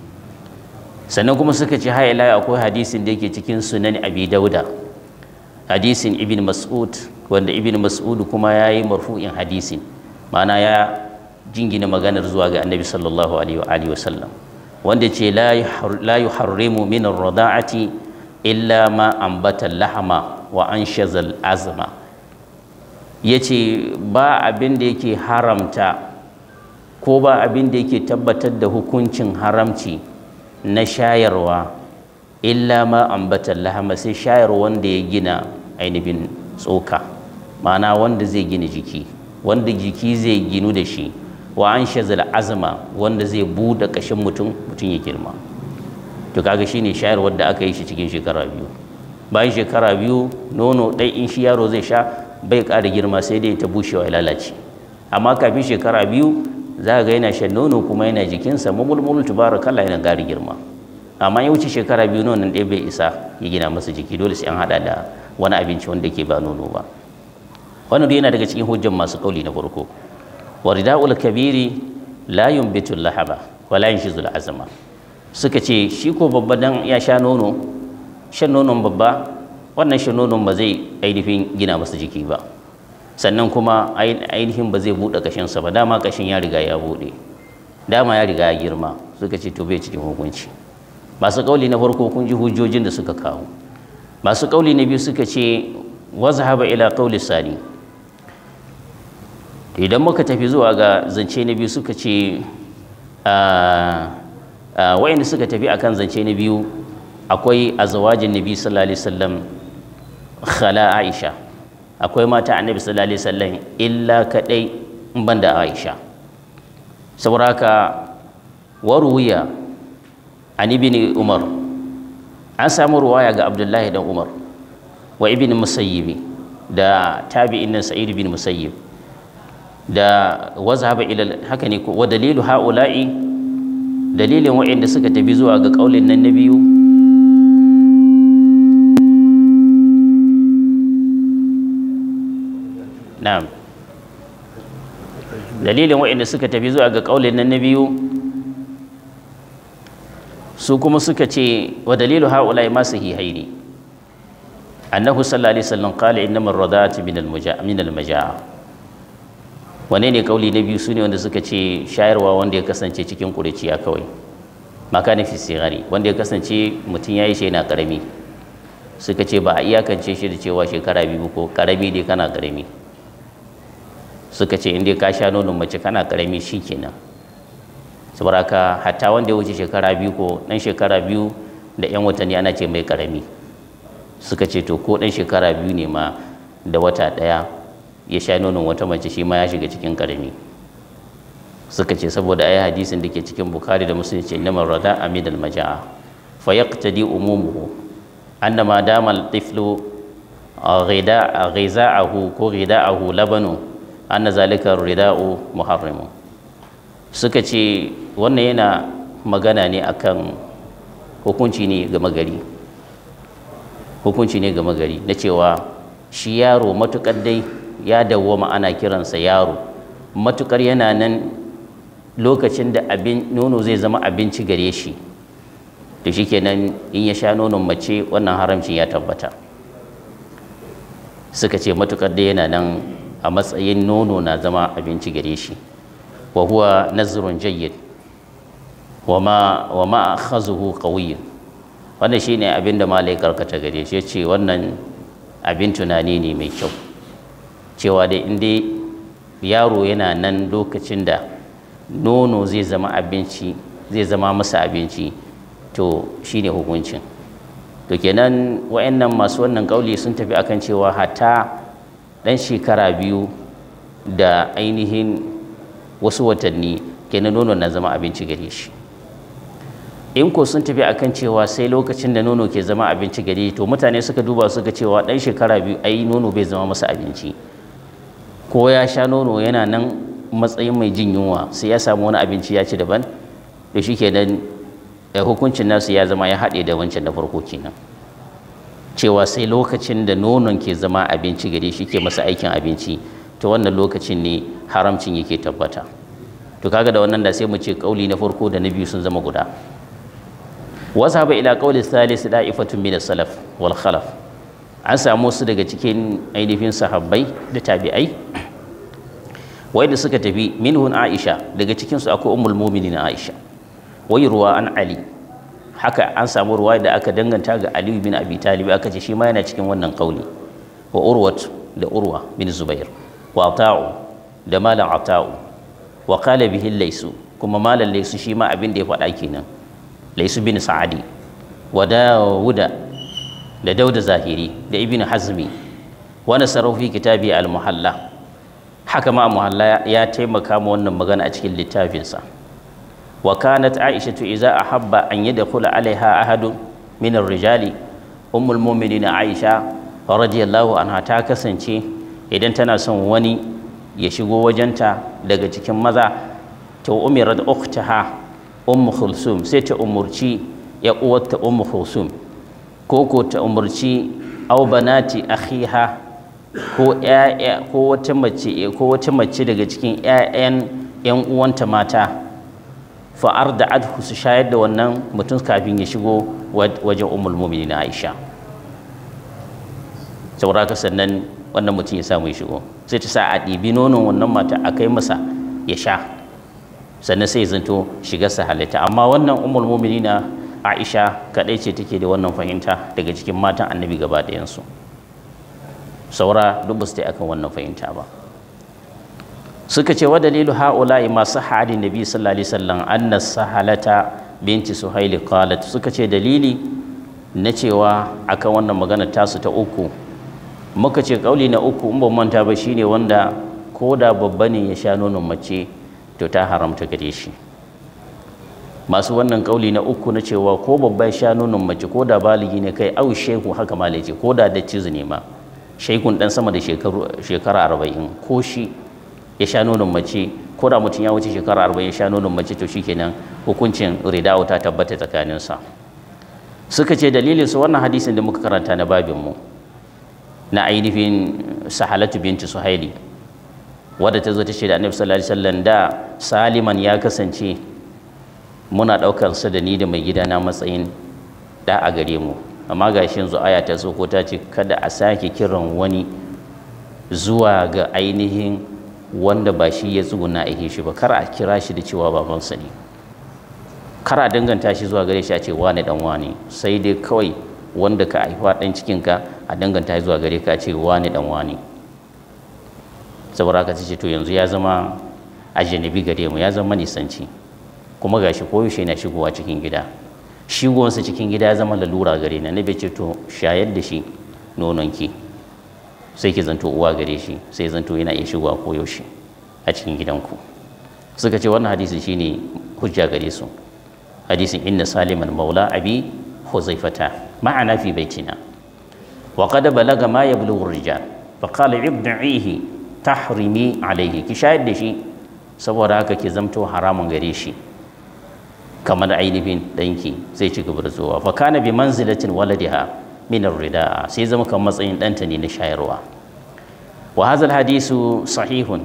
sannan kuma suka ce haya layi akwai hadisin da yake cikin sunan abi dauda hadisin ibn mas'ud wanda ibn mas'ud kuma ya yi marfu'in hadisin ma'ana ya jingina maganar zuwa ga annabi sallallahu alaihi wa sallam wanda ce la yuharrimu min ar-rada'ati illa ma ambata lahama wa anshaza azma yace ba abin da yake haramta ko ba abin da yake tabbatar da hukuncin haramci na shayarwa illa ma ambatan lahama sai shayar wanda ya gina ainihin tsoka ma'ana wanda zai gina jiki wanda jiki zai ginu da shi wa an shazal azama wanda zai buɗe ƙashin mutum mutum ya girma to kaga shine shayar da aka yi shi cikin shekara biyu bayan shekara biyu nono ɗai in shi yaro zai sha bai ƙara girma sai dai ta bushewa ya lalace amma kafin shekara biyu za a ga yana shan nono kuma yana jikinsa mamulmul kala yana gari girma amma ya wuce shekara biyu nonon ɗaya bai isa ya gina masa jiki dole sai yan haɗa da wani abinci wanda ke ba nono ba wannan dai yana daga cikin hujjan masu kauli na farko daul kabiri layun yumbitul lahaba wa la yanshizul azama suka ce shi ko babba dan ya sha nono shan nonon babba wannan shan nonon ba zai ainihin gina masa jiki ba sannan kuma ainihin ba zai buɗe kashinsa ba dama kashin ya riga ya buɗe dama ya riga ya girma suka ce to bai cikin hukunci masu kauli na farko kun ji hujjojin da suka kawo masu kauli na biyu suka ce wazhaba ila kauli sani idan muka tafi zuwa ga zance na biyu suka ce wa'inda suka tafi akan zance na biyu akwai azwajin nabi sallallahu alaihi wasallam khala aisha akwai mata annabi sallallahu alaihi wasallam illa kadai in banda Aisha sauraka waruwiya an ibn Umar an samu ruwaya ga Abdullahi dan Umar wa ibn Musayyib da tabi'in nan Sa'id bin Musayyib da wazhaba ila haka ne wa dalilu haula'i dalilin wa'anda suka tabi zuwa ga kaulin nan na biyu na'am dalilin waɗanda suka tafi zuwa ga ƙaulin nan na biyu su kuma suka ce wa dalilu haula ma hihai ne annahu sallallahu alaihi wasallam qala innama ar-radati min al-majaa min al-majaa wane ne kauli na biyu sune wanda suka ce shayarwa wanda ya kasance cikin kuriciya kawai makani fi sigari wanda ya kasance mutum yayi shi yana karami suka ce ba a iyakance shi da cewa shekara biyu ko karami dai kana karami suka ce inda ka sha nonon mace kana karami kenan saboda haka hatta wanda ya wuce shekara biyu ko ɗan shekara biyu da yan watanni ana ce mai karami suka ce to ko ɗan shekara biyu ne ma da wata ɗaya, ya sha nonon wata mace shi ma ya shiga cikin karami suka ce saboda ayi hadisin da ke cikin bukari da musulun ce namar rada amidal maja'a fa yaqtadi umumuhu annama Dama, al tiflu ghida'ahu ko ghida'ahu labanu anna zalika rida'u muharrimu suka ce wannan yana magana ne akan hukunci ne ga magari hukunci ne ga magari na cewa shi yaro matukar dai ya dawwama ana kiransa yaro matukar yana nan lokacin da abin nono zai zama abinci gare shi to shikenan in ya sha nonon mace wannan haramcin ya tabbata suka ce matukar dai yana nan a matsayin nono na zama abinci gare shi wa huwa nazrun jayyid wa ma wa ma akhazuhu qawiyyan wannan shine abin da malai karkata gare shi yace wannan abin tunani ne mai kyau cewa da inda yaro yana nan lokacin da nono zai zama abinci zai zama masa abinci to shine hukuncin to kenan wa'annan masu wannan kauli sun tafi akan cewa hatta ɗan shekara biyu da ainihin wasu watanni kenan nono na zama abinci gare shi in ko sun tafi akan cewa sai lokacin da nono ke zama abinci gare to mutane suka duba suka cewa dan shekara biyu ai nono bai zama masa abinci ko ya sha nono yana nan matsayin mai jin yunwa sai ya samu wani abinci ya ci daban da shi kenan eh, hukuncin nasu ya zama ya haɗe da wancan na farko kenan cewa sai lokacin da nonon ke zama abinci gare shi ke masa aikin abinci ta wannan lokacin ne haramcin yake tabbata to kaga da wannan da sai mu ce kauli na farko da na biyu sun zama guda wasaba ila qauli da su min salaf wal khalaf an samu su daga cikin ainihin sahabbai da tabi'ai Wai da suka tafi minhun aisha daga cikinsu su akwai ummul mu'minin aisha Wai ruwa an ali haka an samu ruwa da aka danganta ga aliyu bin abi talib aka ce shi ma yana cikin wannan kauli wa urwat da urwa bin zubair wa ata'u da malam ata'u wa qala bihi laysu kuma malam laysu shi ma abin da ya faɗa kenan laysu bin sa'adi wa dawuda da dauda zahiri da ibn hazmi wa nasarahu fi kitabi al-muhalla haka ma muhalla ya taimaka ma wannan magana a cikin littafinsa wa kanat a idza ahabba da yadkhula alaiha ahadun min ar-rijali ummul mu'minin aisha radiyallahu anha ta kasance idan tana son wani ya shigo wajenta daga cikin maza ta umirat ukhtaha ummu khulsum sai ta umarci ya uwarta ummu khulsum ko ko ta umurci aw banati akhiha ko wata mace daga cikin 'ya'yan 'yan uwanta mata fa'ar da adhu su shayar da wannan mutum kafin ya shigo wajen umul mumini na aisha sauraka sannan wannan mutum ya samu ya shigo sai ta sa a ɗibi nonon wannan mata a kai masa ya sha sannan sai zanto sa halitta amma wannan umul na aisha kaɗai ce take da wannan fahimta daga cikin matan annabi gaba ɗayansu saura duk ba su yi akan wannan fahimta ba suka ce wa dalilu ha'ula'i masu hadin nabi sallallahu alaihi wasallam anna sahalata binti suhaili qalat suka ce dalili na cewa akan wannan magana tasu ta uku muka ce kauli na uku in ban manta ba shine wanda ko da babba ne ya sha nonon mace to ta haramta gare shi masu wannan kauli na uku na cewa ko babba ya sha nonon mace ko da baligi ne kai au shehu haka malaje ko da da ne ma shekun dan sama da shekaru shekara arba'in ko shi ya sha nonon mace ko da mutum ya wuce shekara arba'in ya sha nonon mace to shi shikenan hukuncin ridawo ta tabbata tsakaninsa suka ce dalilin su wannan hadisin da muka karanta na babin mu na ainihin sahalatu binti suhaili wadda ta zo ta ce da annabi sallallahu alaihi wasallam da saliman ya kasance muna ɗaukar sa da ni da mai gidana matsayin da a gare mu amma ga shi yanzu aya ta tsoko ko ta ce kada a sake kiran wani zuwa ga ainihin wanda ba shi ya tsuguna a shi ba kar a kira shi da cewa babansa ne kar a danganta shi zuwa gare shi a ce wane dan wane sai dai kawai wanda ka haifa dan cikin ka a danganta shi zuwa gare ka a ce wane dan wane saboda haka sai to yanzu ya zama ajanabi gare mu ya zama nisanci kuma gashi koyaushe yana shigowa cikin gida shigowarsa cikin gida ya zama lalura gare na nabi ce to shayar da shi nononki ki sai ki zanto uwa gare shi sai zanto yana iya shigowa ko yaushe a cikin gidanku suka ce wannan hadisin shine hujja gare su hadisin inna saliman maula abi huzaifata ma'ana fi baitina wa qad balaga ma yablughu rijal fa qala ibda'ihi tahrimi alayhi ki shayar da shi saboda haka ki zamto haramun gare shi kamar ainihin danki sai ci gaba da zuwa fa kana bi manzilatin waladiha minar rida sai zama kamar matsayin ɗanta ne na shayarwa wa hadha hadisu sahihun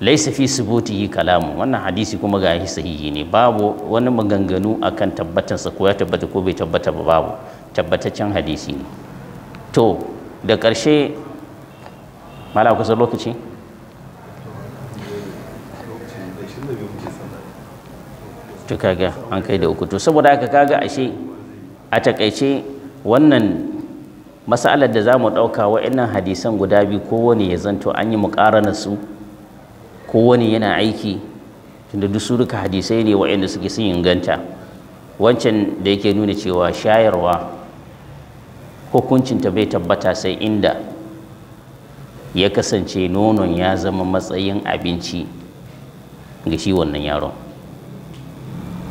laysa fi subutihi kalamu wannan hadisi kuma ga shi sahihi ne babu wani maganganu akan sa ko ya tabbata ko bai tabbata ba babu tabbataccen hadisi ne to da ƙarshe mala kusa lokaci to kaga an kai da uku to saboda haka kaga ashe a takaice wannan masalar da za mu ɗauka wa'annan hadisan guda biyu kowane ya zanto an yi muƙarana su kowane yana aiki tunda duk su duka hadisai ne wa'anda suke sun inganta wancan da yake nuna cewa shayarwa hukuncinta bai tabbata sai inda ya kasance nonon ya zama matsayin abinci ga shi wannan yaron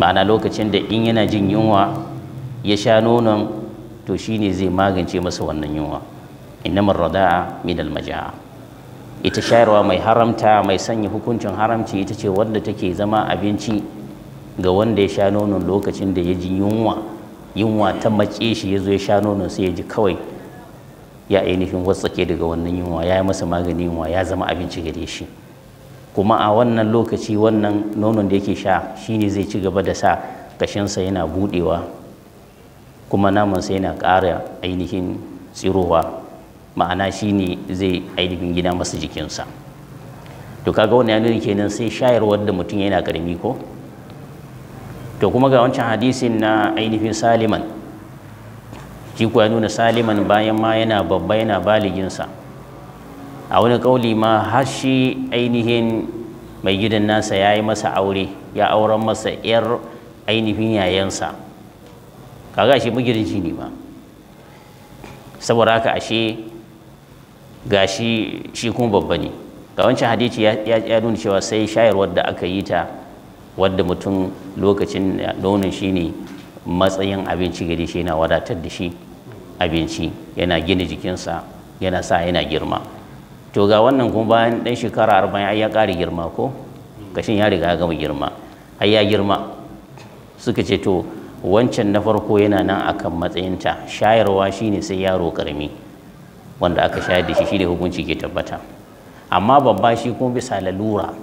ma'ana lokacin da in yana jin yunwa ya sha nonon to shi ne zai magance masa wannan yunwa innamar rada'a midal maja'a ita shayarwa mai haramta mai sanya hukuncin haramci ita ce wanda take zama abinci ga wanda ya sha nonon lokacin da ya ji yunwa yunwa ta mace shi ya zo ya sha nonon sai ya ji kawai ya ainihin watsake daga wannan yunwa ya yi masa magani yunwa ya zama abinci gare shi kuma a wannan lokaci wannan nonon da yake sha shi ne zai ci gaba da sa kashinsa yana budewa kuma namansa yana ƙara ainihin tsirowa ma'ana shi ne zai ainihin gina masa jikinsa to kaga wani ya kenan sai shayarwar da mutum yana karami ko to kuma ga wancan hadisin na ainihin saliman shi kuwa ya nuna saliman bayan ma yana babba yana baliginsa a wani ƙauli ma har shi ainihin mai gidan nasa ya yi masa aure ya auren masa 'yar ainihin yayansa kaga ashe magidanci ne ba saboda haka ashe gashi shi kuma babba ne ga wancan hadisi ya ya nuna cewa sai shayarwar da aka yi ta wadda mutum lokacin nonon shi ne matsayin abinci gare shi yana wadatar da shi abinci yana gina jikinsa yana sa yana girma to ga wannan kuma bayan ɗan shekara arba'in ai ya ƙara girma ko kashin ya riga ya gama girma ai ya girma suka ce to wancan na farko yana nan akan matsayinta shayarwa shine sai yaro karami wanda aka shayar da shi shi da hukunci ke tabbata amma babba shi kuma bisa lalura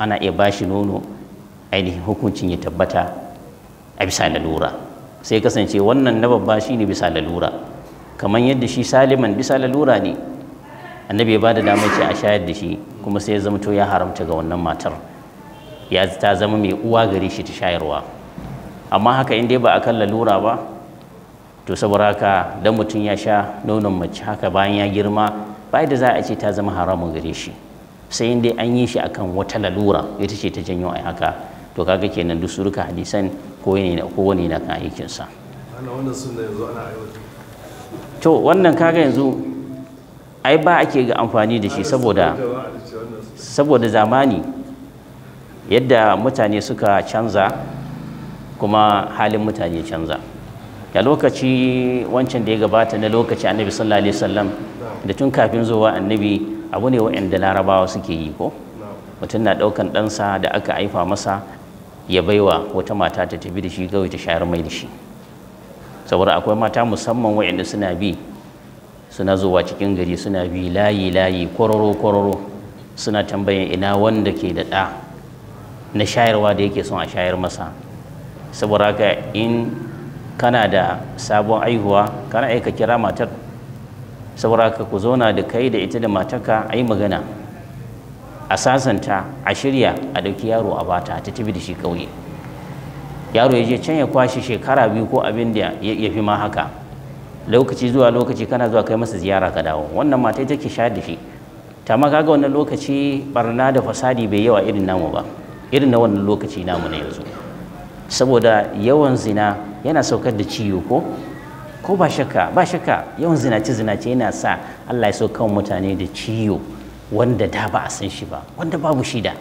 ana iya bashi nono ainihin hukuncin ya tabbata a bisa lalura sai kasance wannan na babba shine bisa lalura kamar yadda shi saliman bisa lalura ne annabi ya ba da damar ce a shayar da shi kuma sai ya zamto ya haramta ga wannan matar ya ta zama mai uwa gare shi ta shayarwa amma haka in dai ba a kan lalura ba to saboda haka dan mutum ya sha nonon mace haka bayan ya girma ba da za a ce ta zama haramun gare shi sai in dai an yi shi akan wata lalura ita ce ta janyo ai haka to kaga kenan duk surka hadisan ko ne ko wani na kan aikin sa to wannan kaga yanzu ai ba ake ga amfani da shi saboda saboda zamani yadda mutane suka canza kuma halin mutane canza ya lokaci wancan da ya gabata na lokaci annabi sallallahu alaihi wasallam da tun kafin zuwa annabi abu ne wa'anda larabawa suke yi ko mutum na ɗaukan ɗansa da aka haifa masa ya baiwa wata mata ta tafi da shi gawai ta shayar mai da shi saboda akwai mata musamman wa'anda suna bi suna zuwa cikin gari suna bi layi layi kororo kororo suna tambayan ina wanda ke da ɗa na shayarwa da yake son a shayar masa saboda ka in kana da sabon aihuwa kana aika kira matar saboda ka ku zauna da kai da ita da matarka a yi magana a sasanta a shirya a dauki yaro a bata ta tafi da shi kauye yaro ya je can ya kwashe shekara biyu ko abin da ya fi ma haka lokaci zuwa lokaci kana zuwa kai masa ziyara ka dawo wannan mata ita ke shayar da shi ta ma kaga wannan lokaci barna da fasadi bai yawa irin namu ba irin na wannan lokaci namu na yanzu saboda yawan zina yana saukar da ciwo ko ko ba shakka ba shakka yawan zinace zinace yana sa Allah ya saukar mutane da ciwo wanda da ba a san shi ba wanda babu da.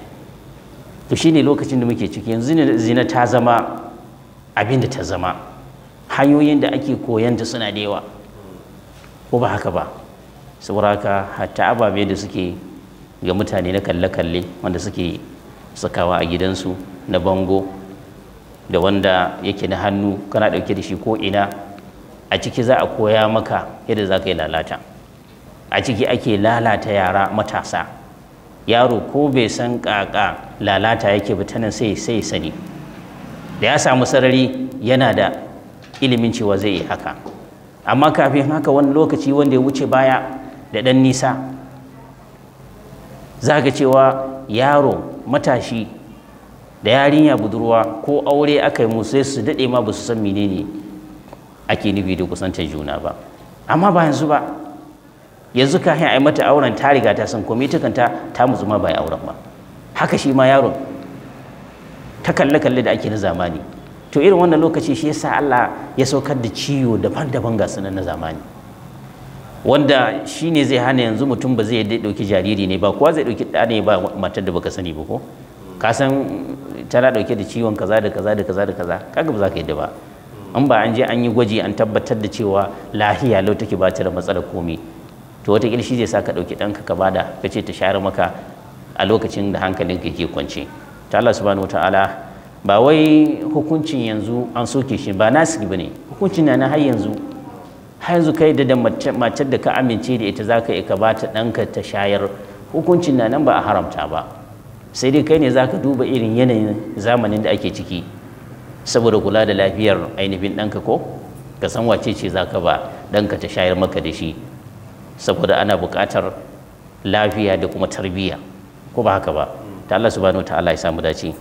to shine lokacin da muke ciki yanzu zina ta zama abin da ta zama hanyoyin da ake koyan ta suna da yawa ko ba haka ba saboda haka hatta ababe da suke ga mutane na kalle-kalle wanda suke sakawa a gidansu na bango da wanda yake na hannu kana ɗauke da shi ko ina a ciki za a koya maka yadda za ka yi lalata a ciki ake lalata yara matasa yaro ko bai san kaka lalata yake ba ta nan sai sai sani da ya samu sarari yana da ilimin cewa zai yi haka amma kafin haka wani lokaci wanda ya wuce baya da ɗan nisa za ka cewa yaro matashi da yarinya budurwa ko aure aka yi musu su daɗe ma ba su san menene ake nufi da kusantar juna ba amma ba yanzu ba yanzu ka yi mata auren ta riga ta san komai ta kanta ta mutu ma ba ya auren ba haka shi ma yaron ta kalle kalle da ake na zamani to irin wannan lokaci shi yasa Allah ya saukar da ciwo daban-daban ga sunan na zamani wanda shine zai hana yanzu mutum ba zai dauki jariri ne ba kowa zai dauki ɗa ne ba matar da baka sani ba ko ka san tana dauke da ciwon kaza da kaza da kaza da kaza kaga ba za ka yi ba in ba an je an yi gwaji an tabbatar da cewa lahiya lau take ba ta da matsala komai to wata shi zai sa ka dauki danka ka bada ka ce ta share maka a lokacin da ka yake kwance ta Allah subhanahu wataala ba wai hukuncin yanzu an soke shi ba nasiri ba ne hukuncin na na har yanzu har yanzu kai da da matar da ka amince da ita za ka yi ka ba ta ɗanka ta shayar hukuncin na nan ba a haramta ba sai dai kai ne za ka duba irin yanayin zamanin da ake ciki saboda kula da lafiyar ainihin ɗanka ko ka san wace ce za ka ba ɗanka ta shayar maka da shi saboda ana buƙatar lafiya da kuma tarbiyya ko ba haka ba ta Allah subhanahu wa ta'ala ya samu dace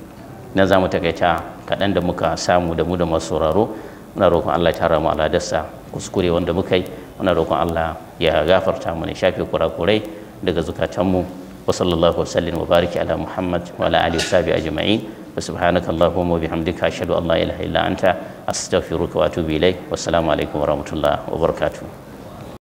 na za mu takaita kaɗan da muka samu da mu da masu sauraro muna roƙon Allah ya tara mu aladarsa kuskure wanda muka yi muna roƙon Allah ya gafarta mu ne shafe kurakurai daga zukatanmu wa sallallahu wa wa bariki ala muhammad wa ala alihi wa ajma'in wa subhanaka allahumma wa bihamdika ashhadu an la ilaha illa anta astaghfiruka wa atubu ilayk wa assalamu wa rahmatullahi wa